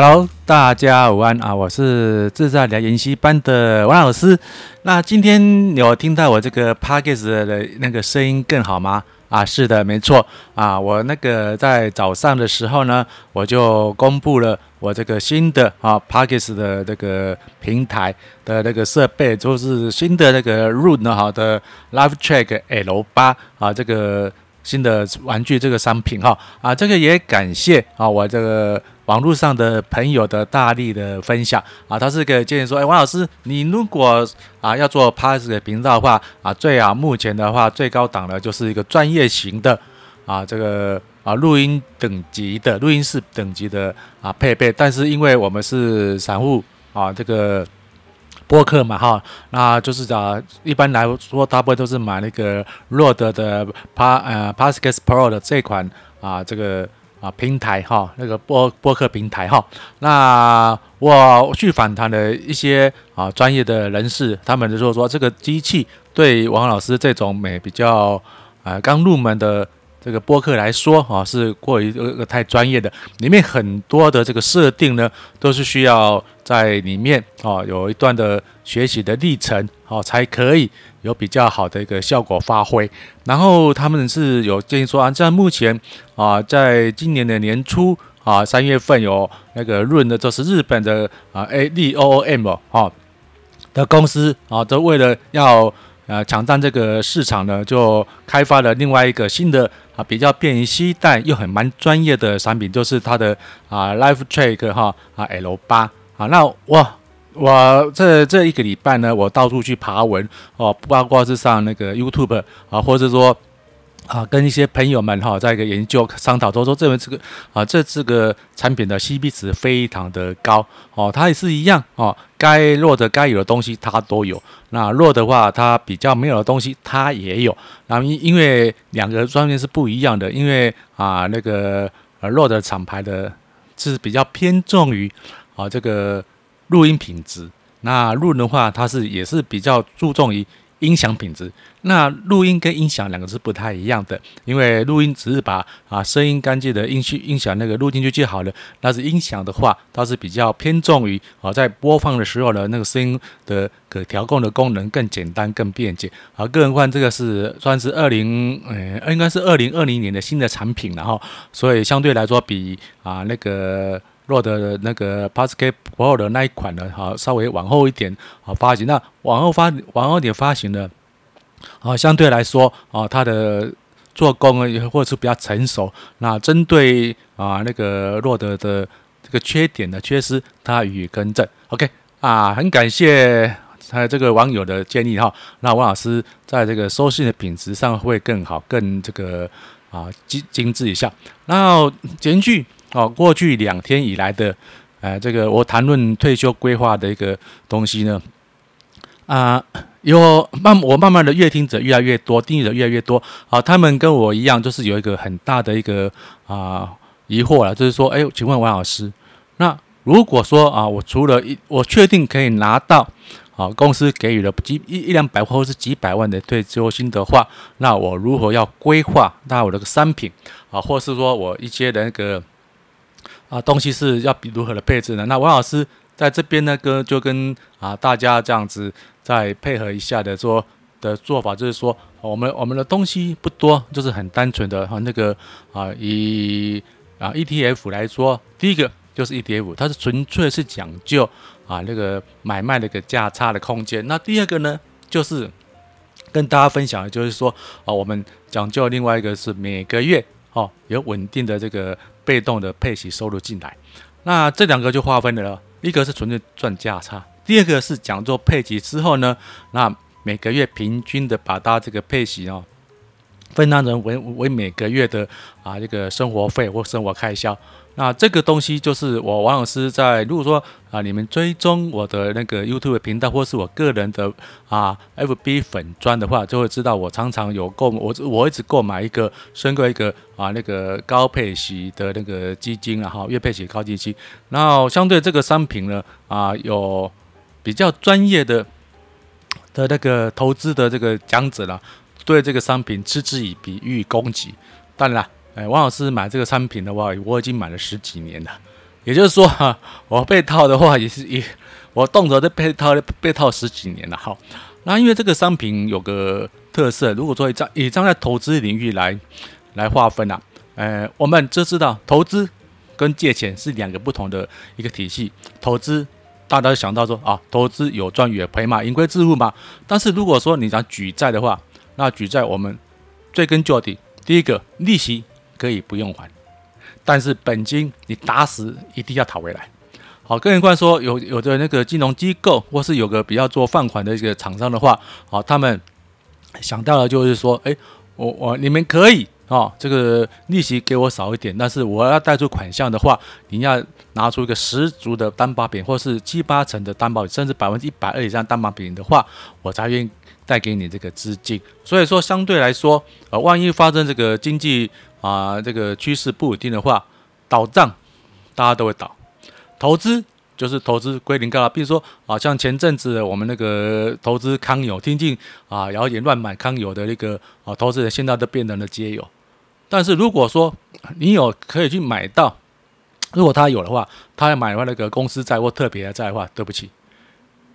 Hello，大家午安啊！我是自在理財研習班的王老師。那今天有聽到我這個 podcast 的那個聲音更好嗎？啊，是的，沒錯啊。我那個在早上的時候呢，我就公布了我這個新的啊 podcast 的這個平台的那個設備，就是新的那個入呢好的 LiveTrak L 八啊，這個新的玩具這個商品哈啊，這個也感謝啊我這個。網絡上的朋友的大力的分享啊，他是給建議說：“哎、欸，王老師，你如果啊要做 Podcast 的頻道的話啊，最啊目前的話最高檔的就是一個專業型的啊，這個啊錄音等級的錄音室等級的啊配備。但是因為我們是散戶啊，這個播客嘛哈，那就是講、啊、一般來說大部分都是買那個 Rode 的 Po 呃 RODECaster Pro 的這款啊，這個。”啊，平台哈，那個播播客平台哈，那我去訪談了一些啊專業的人士，他們就說說這個機器對王老師這種美比較啊、呃、剛入門的這個播客來說啊是過於呃太專業的，裡面很多的這個設定呢都是需要在裡面啊有一段的學習的歷程啊才可以。有比較好的一個效果發揮，然後他們是有建議說啊，在目前啊，在今年的年初啊，三月份有那個潤的，就是日本的啊 A D O O M 哦，的公司啊，都為了要啊搶佔這個市場呢，就開發了另外一個新的啊比較便於攜帶又很蠻專業的產品，就是它的啊 Life Track 哈啊 L 八啊，啊、那哇。我這這一個禮拜呢，我到處去爬文哦，包括是上那個 YouTube 啊，或者說啊，跟一些朋友們哈、啊，在一個研究商討，都說這這個啊，這這個產品的 CP 值，非常的高哦，它也是一樣哦，該 RODE 的該有的東西它都有，那 RODE 的話它比較沒有的東西它也有，那、啊、因因為兩個專業是不一樣的，因為啊，那個 RODE 的廠牌的是比較偏重於啊這個。錄音品質，那錄的話，它是也是比較注重於音響品質。那錄音跟音響兩個是不太一樣的，因為錄音只是把啊聲音乾淨的音去音響那個錄進去就好了。但是音響的話，它是比較偏重於啊在播放的時候呢，那個聲音的可調控的功能更簡單更便捷。啊，個人觀這個是算是二零，誒，應該是二零二零年的新的產品，然後，所以相對來說比啊那個。洛德的那個 Podcaster Pro 的那一款呢、啊，好稍微往後一點好、啊、發行，那往後發往後點發行呢，好相對來說啊，它的做工啊也或者是比較成熟，那針對啊那個洛德的這個缺點的缺失，它予以更正。OK 啊，很感謝他這個網友的建議哈、啊，那王老師在這個收信的品質上會更好，更這個啊精精致一下。那簡句。好，過去兩天以來的，呃，這個我談論退休規劃的一個東西呢，啊、呃，有慢，我慢慢的閱聽者越來越多，訂閱者越來越多。好、呃，他們跟我一樣，就是有一個很大的一個啊、呃、疑惑了，就是說，哎，請問王老師，那如果說啊、呃，我除了一，我確定可以拿到，啊、呃、公司給予了幾一,一兩百，或是幾百萬的退休金的話，那我如何要規劃？那我這個商品啊、呃，或是說我一些的那個。啊，東西是要比如何的配置呢？那王老師在這邊呢，跟就跟啊大家這樣子再配合一下的說，做的做法就是說，我們我們的東西不多，就是很單純的和、啊、那個啊以啊 ETF 來說，第一個就是 ETF，它是純粹是講究啊那個買賣的一個價差的空間。那第二個呢，就是跟大家分享的就是說，啊我們講究另外一個是每個月。哦，有穩定的這個被動的配息收入進來，那這兩個就劃分了，一個是純粹賺價差，第二個是講做配息之後呢，那每個月平均的把它這個配息哦，分擔成為為每個月的啊這個生活費或生活開銷。那這個東西就是我王老師在如果說啊，你們追蹤我的那個 YouTube 頻道，或是我個人的啊 FB 粉專的話，就會知道我常常有購我我一直購買一個申購一個啊那個高配息的那個基金，然後，啊，月配息高基金。然後相對這個商品呢，啊有比較專業的的那個投資的這個講者啦，對這個商品嗤之以鼻，予以攻擊。當然啦。哎，王老師買這個商品的話，我已經買了十幾年了。也就是說，哈、啊，我被套的話也，也是一我動輒都被套被套十幾年了。哈，那因為這個商品有個特色，如果說一張一張在投資領域來來劃分啊，呃，我們就知道投資跟借錢是兩個不同的一個體系。投資大家都想到說啊，投資有賺有賠嘛，盈虧自負嘛。但是如果說你想舉債的話，那舉債我們追根究底，第一個利息。可以不用還，但是本金你打死一定要討回來。好，更何況說，有有的那個金融機構，或是有個比較做放款的一個廠商的話，好，他們想到的就是說，哎，我我你們可以啊、哦，這個利息給我少一點，但是我要貸出款項的話，你要拿出一個十足的擔保品，或是七八成的擔保，甚至百分之一百二以上擔保品的話，我才願意貸給你這個資金。所以說，相對來說，呃，萬一發生這個經濟。啊，這個趨勢不穩定的話，倒賬大家都會倒。投資就是投資歸零掉啦。比如說，好、啊、像前陣子的我們那個投資康友，聽進啊，謠言亂買康友的那個啊投資人，現在都變成了街友。但是如果說你有可以去買到，如果他有的話，他要買的話，那個公司債或特別的債的話，對不起，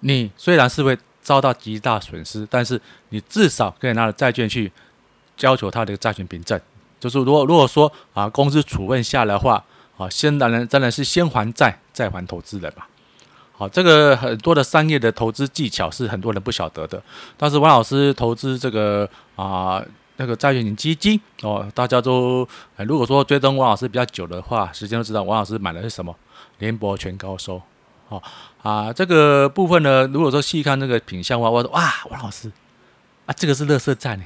你雖然是會遭到極大損失，但是你至少可以拿着債券去要求他的債權憑證。就是如果如果說啊，公司處分下來的話，啊，先當然當然是先還債再還投資的吧？好、啊，這個很多的商業的投資技巧是很多人不曉得的。但是王老師投資這個啊，那個債券型基金哦，大家都、哎、如果說追蹤王老師比較久的話，時間都知道王老師買的是什麼，聯博全高收。好、哦、啊，這個部分呢，如果說細看那個品相的話，我說哇，王老師啊，這個是垃圾債呢，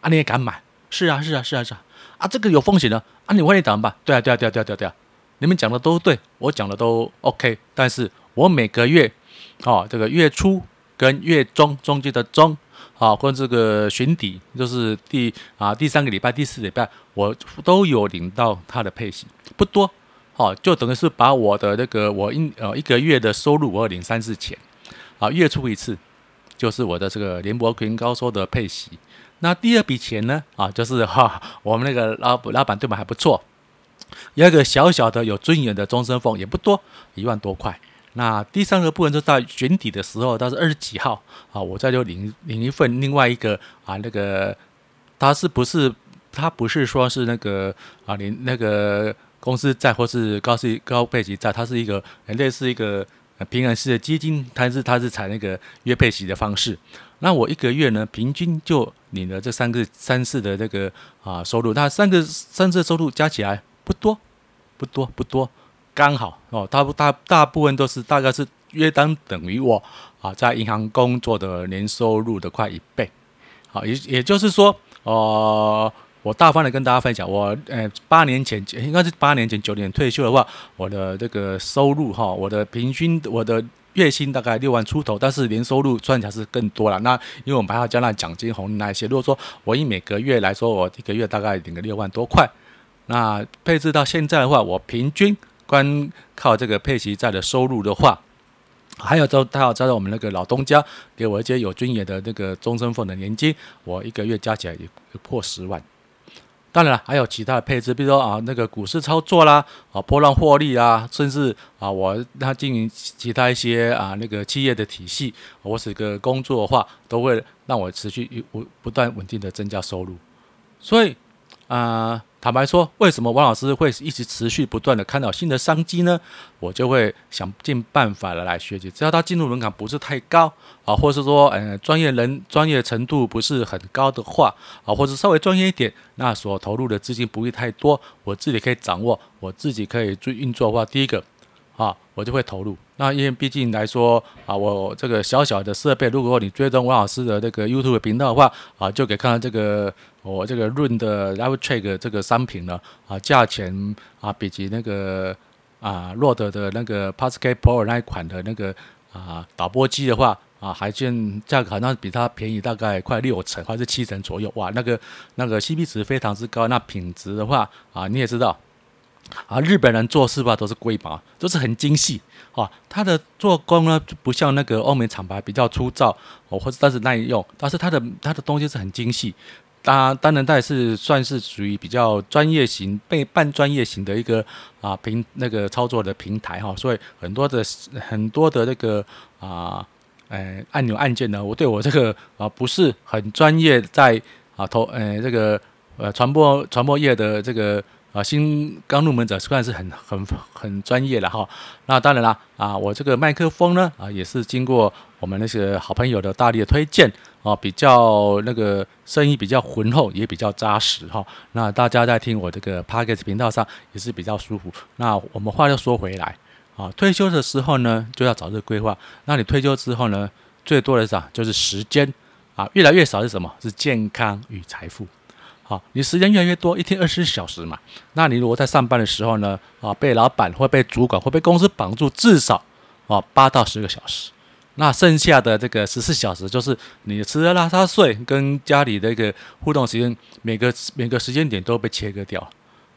啊，你也敢買？是啊，是啊，是啊，是啊。啊，這個有風險的啊！你問一檔吧？對啊，對啊，對啊，對啊，對啊！你們講的都對，我講的都 OK。但是我每個月，哦，這個月初跟月中中間的中，啊、哦，或這個旬底，就是第啊第三個禮拜、第四個禮拜，我都有領到他的配息，不多，哦，就等於是把我的那個我一呃一個月的收入我領三次錢啊，月初一次，就是我的這個聯博群高收的配息。那第二筆錢呢？啊，就是哈、啊，我們那個老老板對我們還不錯，一個小小的有尊嚴的終身俸，也不多，一萬多塊。那第三個部分就是在年底的時候，到是二十幾號啊，我再就領領一份另外一個啊，那個他是不是他不是說是那個啊，領那個公司債或是高息高配息債，它是一個類似一個平衡式的基金，它是它是採那個月配息的方式。那我一個月呢，平均就。你的這三個三次的這個啊收入，那三個三次的收入加起來不多，不多不多，剛好哦，大不大大部分都是大概是約當等於我啊在銀行工作的年收入的快一倍，好、啊、也也就是說，哦、呃，我大方的跟大家分享，我呃八年前應該是八年前九年退休的話，我的這個收入哈、哦，我的平均我的。月薪大概六萬出頭，但是年收入算起來是更多了。那因為我們還要加上獎金紅利那一些。如果說我以每個月來說，我一個月大概領個六萬多塊。那配置到現在的話，我平均光靠這個配息債的收入的話，還有都他要加到我們那個老東家給我一些有尊嚴的那個終身份的年金，我一個月加起來也，也破十萬。當然了，還有其他的配置，比如說啊，那個股市操作啦，啊，波浪獲利啊，甚至啊，我他經營其他一些啊，那個企業的體系，我是個工作的話，都會讓我持續不不斷穩定的增加收入，所以啊。呃坦白說，為什麼王老師會一直持續不斷的看到新的商機呢？我就會想盡辦法的來學習。只要他進入門檻不是太高啊，或是說，嗯、呃，專業人專業程度不是很高的話啊，或者稍微專業一點，那所投入的資金不會太多，我自己可以掌握，我自己可以去運作的話，第一個。我就會投入，那因為畢竟來說啊，我這個小小的設備，如果你追蹤王老師的那個 YouTube 頻道的話啊，就可以看到這個我這個潤的 LiveTrack 這個商品呢，啊，價錢啊，比及那個啊洛德的那個 Pascal Pro 那一款的那個啊導播機的話啊，還現價格好像比它便宜大概快六成還是七成左右哇，那個那個 CP 值，非常之高，那品質的話啊你也知道。啊，日本人做事吧都是龜毛，都是很精細啊、哦。它的做工呢，就不像那個歐美廠牌比較粗糙哦，或者但是耐用，但是它的它的東西是很精細。它當然，他也是算是屬於比較專業型、被半專業型的一個啊平那個操作的平台哈、哦。所以很多的很多的那個啊，呃按鈕按鍵呢，我對我這個啊不是很專業在，在啊投呃這個呃傳播傳播業的這個。啊，新剛入門者雖然是很很很專業的哈，那當然啦，啊，我這個麥克風呢啊也是經過我們那些好朋友的大力的推薦啊，比較那個聲音比較渾厚，也比較扎實哈。那大家在聽我這個 Podcast 頻道上也是比較舒服。那我們話就說回來啊，退休的時候呢就要早日規劃。那你退休之後呢，最多的是、啊、就是時間啊越來越少是什麼？是健康與財富。好，你時間越來越多，一天二十四小時嘛？那你如果在上班的時候呢？啊，被老板或被主管或被公司綁住至少啊八到十個小時，那剩下的這個十四小時就是你吃喝拉撒睡跟家裡的一個互動時間，每個每個時間點都被切割掉。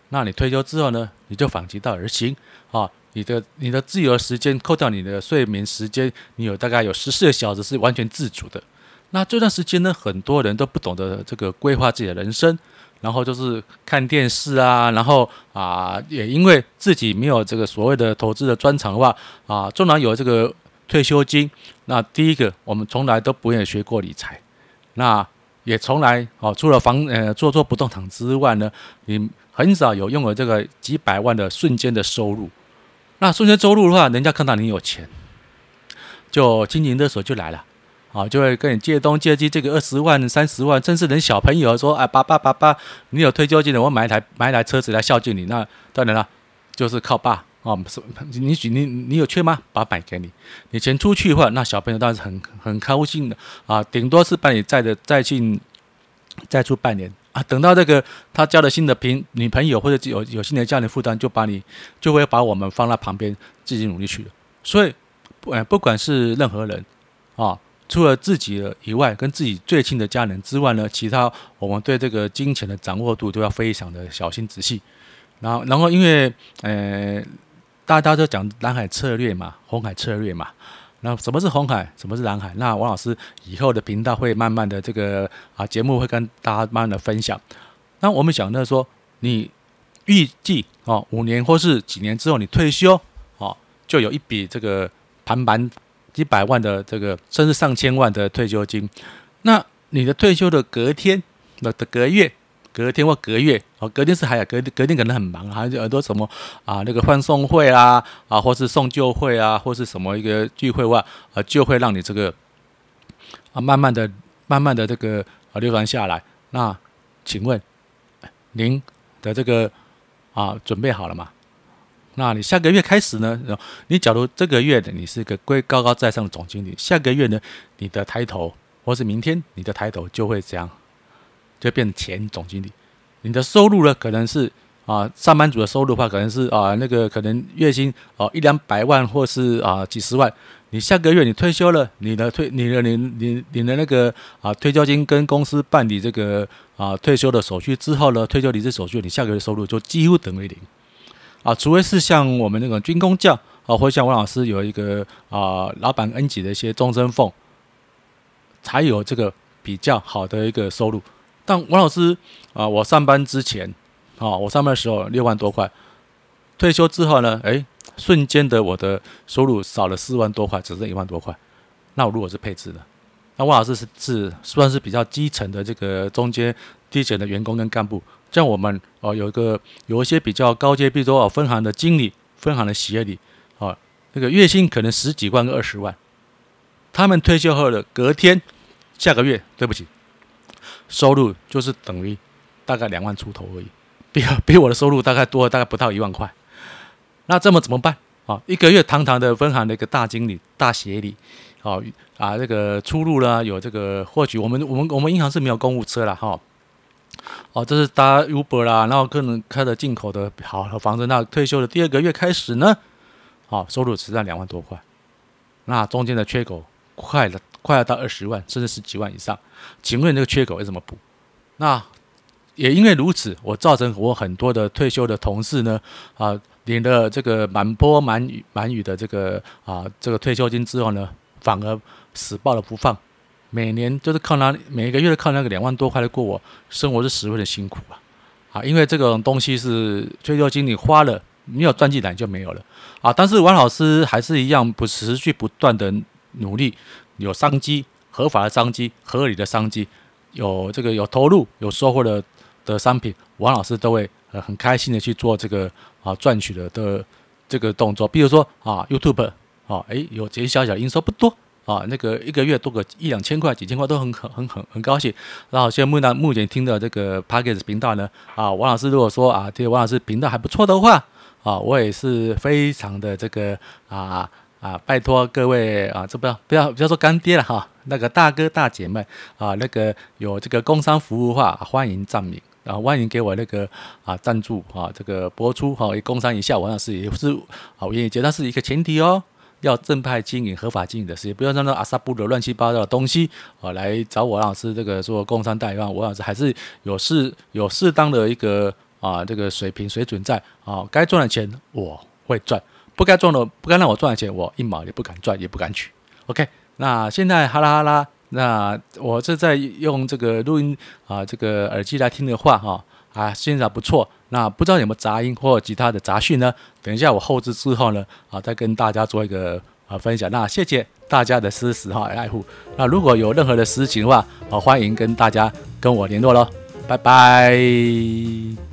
那你退休之後呢？你就反其道而行啊，你的你的自由時間扣掉你的睡眠時間，你有大概有十四個小時是完全自主的。那這段時間呢，很多人都不懂得這個規劃自己的人生，然後就是看電視啊，然後啊，也因為自己沒有這個所謂的投資的專長的話，啊，縱然有這個退休金，那第一個我們從來都不願意學過理財，那也從來哦、啊，除了房呃做做不動產之外呢，你很少有擁有這個幾百萬的瞬間的收入，那瞬間收入的話，人家看到你有錢，就經營的時候就來了。啊，就會跟你借東借西，這個二十萬、三十萬，甚至人小朋友說啊、哎，爸爸爸爸，你有退休金的，我買一台買一台車子來孝敬你。那當然了，就是靠爸啊，是，你你你有缺嗎？爸買給你，你錢出去的話，那小朋友當然是很很高興的啊。頂多是把你載着載進，載出半年啊。等到這個他交了新的平女朋友，或者有有新的家庭負擔，就把你就會把我們放到旁邊自己努力去。所以不，哎，不管是任何人啊。除了自己以外，跟自己最親的家人之外呢，其他我們對這個金錢的掌握度都要非常的小心仔細。然後，然後因為呃，大家都講藍海策略嘛，紅海策略嘛。那什麼是紅海？什麼是藍海？那王老師以後的頻道會慢慢的這個啊，節目會跟大家慢慢的分享。那我們想到說，你預計哦，五年或是幾年之後你退休哦，就有一筆這個盤盤。幾百萬的這個，甚至上千萬的退休金，那你的退休的隔天、的隔，隔月、隔天或隔月哦，隔天是還有隔隔天可能很忙啊，還有很多什麼啊，那個歡送會啊，啊，或是送舊會啊，或是什麼一個聚會外啊，就會讓你這個啊，慢慢的、慢慢的這個啊，流傳下來。那請問您的這個啊，準備好了嗎？那你下個月開始呢？你假如這個月的你是個歸高高在上的總經理，下個月呢，你的抬頭，或是明天你的抬頭就會這樣，就變成前總經理。你的收入呢，可能是啊，上班族的收入的話，可能是啊，那個可能月薪哦、啊、一兩百萬，或是啊幾十萬。你下個月你退休了，你的退，你的領領你，你，你的那個啊退休金，跟公司辦理這個啊退休的手續之後呢，退休離職手續，你下個月的收入就幾乎等於零。啊，除非是像我們那個軍公教啊，或像王老師有一個啊老闆恩給的，一些終身俸，才有這個比較好的一個收入。但王老師啊，我上班之前啊，我上班的時候六萬多塊，退休之後呢，哎、欸，瞬間的我的收入少了四萬多塊，只剩一萬多塊。那我如果是配置的，那王老師是是算是比較基層的這個中間低層的員工跟幹部。像我們哦，有一個有一些比較高階，比如說分行的經理、分行的協理，啊、哦，這個月薪可能十幾萬跟二十萬，他們退休後的隔天、下個月，對不起，收入就是等於大概兩萬出頭而已，比比我的收入大概多，大概不到一萬塊。那這麼怎麼辦？啊、哦，一個月堂堂的分行的一個大經理、大協理，哦啊，這個出入啦，有這個，獲取，我們我們我們銀行是沒有公務車了哈。哦哦，這是搭 Uber 啦，然後客人開的進口的好房子，那個、退休的第二個月開始呢，好、哦、收入只賺兩萬多塊，那中間的缺口快了快要到二十萬甚至十幾萬以上，請問這個缺口要怎麼補？那也因為如此，我造成我很多的退休的同事呢，啊、呃、領了這個滿缽滿雨滿雨的這個啊、呃、這個退休金之後呢，反而死抱了不放。每年就是靠那每個月都靠那個兩萬多塊來過我，我生活是十分的辛苦啊，啊，因為這種東西是退休金，你花了沒有賺進來就沒有了啊。但是王老師還是一樣不持續不斷的努力，有商機、合法的商機、合理的商機，有這個有投入有收穫的的商品，王老師都會呃很開心的去做這個啊賺取的的這個動作。比如說啊 YouTube 啊，誒、欸，有這些小小營收不多。啊，那個一個月多個一兩千塊、幾千塊都很很很很高興。那、啊、現在目呢，目前聽到這個 Podcast 頻道呢，啊，王老師如果說啊，這個王老師頻道還不錯的話，啊，我也是非常的這個啊啊，拜託各位啊，這不要不要不要說乾爹了哈、啊，那個大哥大姐們啊，那個有這個工商服務話，歡迎讚美啊，歡迎給我那個啊贊助啊，這個播出哈、啊，工商一下王老師也是好願意接，但、啊、是一個前提哦。要正派經營、合法經營的事情，不要讓那阿薩布的亂七八糟的東西啊，來找我，老師這個做工商代辦，我老師還是有適有適當的一個啊，這個水平水準在啊，該賺的錢我會賺，不該賺的、不該、不該讓我賺的錢，我一毛也不敢賺，也不敢取。OK，那現在哈啦哈啦，那我正在用這個錄音啊，這個耳機來聽的話哈。啊啊，現在不錯。那不知道有沒有雜音或其他的雜訊呢？等一下我後製之後呢，啊，再跟大家做一個啊分享。那謝謝大家的支持和愛護。那如果有任何的事情的話，啊，歡迎跟大家跟我聯絡咯。拜拜。